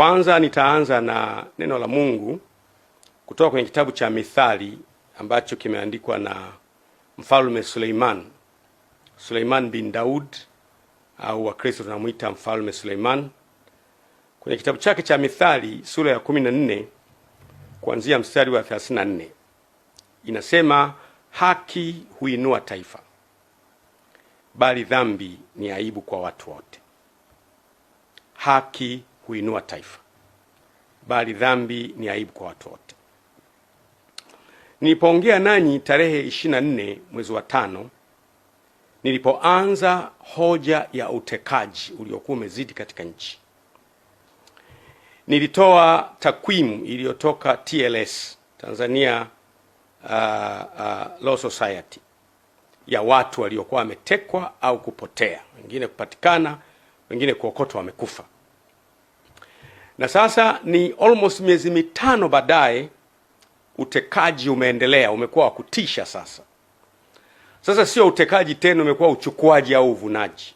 Kwanza nitaanza na neno la Mungu kutoka kwenye kitabu cha Mithali ambacho kimeandikwa na Mfalme Suleiman, Suleiman bin Daud au Wakristo tunamwita Mfalme Suleiman. Kwenye kitabu chake cha Mithali sura ya 14 kuanzia mstari wa 34 inasema, haki huinua taifa, bali dhambi ni aibu kwa watu wote. Haki kuinua taifa, bali dhambi ni aibu kwa watu wote. Nilipoongea nanyi tarehe 24 mwezi wa tano, nilipoanza hoja ya utekaji uliokuwa umezidi katika nchi, nilitoa takwimu iliyotoka TLS Tanzania uh, uh, Law Society ya watu waliokuwa wametekwa au kupotea, wengine kupatikana, wengine kuokotwa wamekufa na sasa ni almost miezi mitano baadaye, utekaji umeendelea, umekuwa wa kutisha sasa. Sasa sio utekaji tena, umekuwa uchukuaji au uvunaji.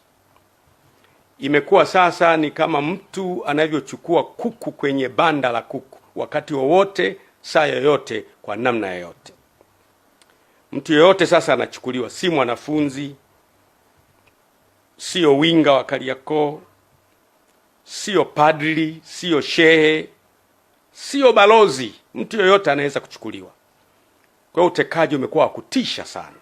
Imekuwa sasa ni kama mtu anavyochukua kuku kwenye banda la kuku, wakati wowote, saa yoyote, kwa namna yoyote. Mtu yoyote sasa anachukuliwa, si mwanafunzi, sio winga wa Kariakoo siyo padri, siyo shehe, siyo balozi, mtu yoyote anaweza kuchukuliwa. Kwa hiyo utekaji umekuwa wa kutisha sana,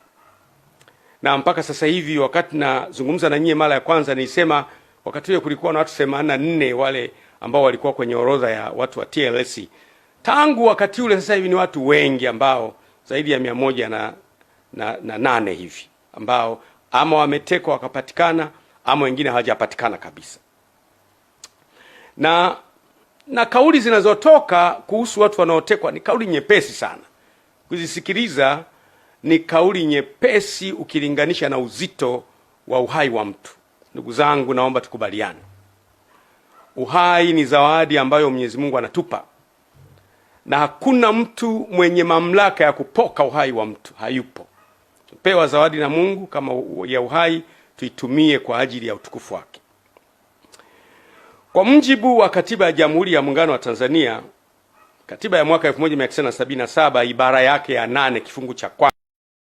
na mpaka sasa hivi wakati nazungumza na nyie mara ya kwanza nilisema, wakati ule kulikuwa na watu nne wale ambao walikuwa kwenye orodha ya watu wa TLS. Tangu wakati ule sasa hivi ni watu wengi ambao zaidi ya mia moja na, na, na nane hivi ambao ama wametekwa wakapatikana ama wengine hawajapatikana kabisa na na kauli zinazotoka kuhusu watu wanaotekwa ni kauli nyepesi sana kuzisikiliza. Ni kauli nyepesi ukilinganisha na uzito wa uhai wa mtu. Ndugu zangu, naomba tukubaliane, uhai ni zawadi ambayo Mwenyezi Mungu anatupa, na hakuna mtu mwenye mamlaka ya kupoka uhai wa mtu, hayupo. Tupewa zawadi na Mungu kama ya uhai, tuitumie kwa ajili ya utukufu wake. Kwa mjibu wa katiba ya Jamhuri ya Muungano wa Tanzania, katiba ya mwaka 1977 ibara yake ya nane kifungu cha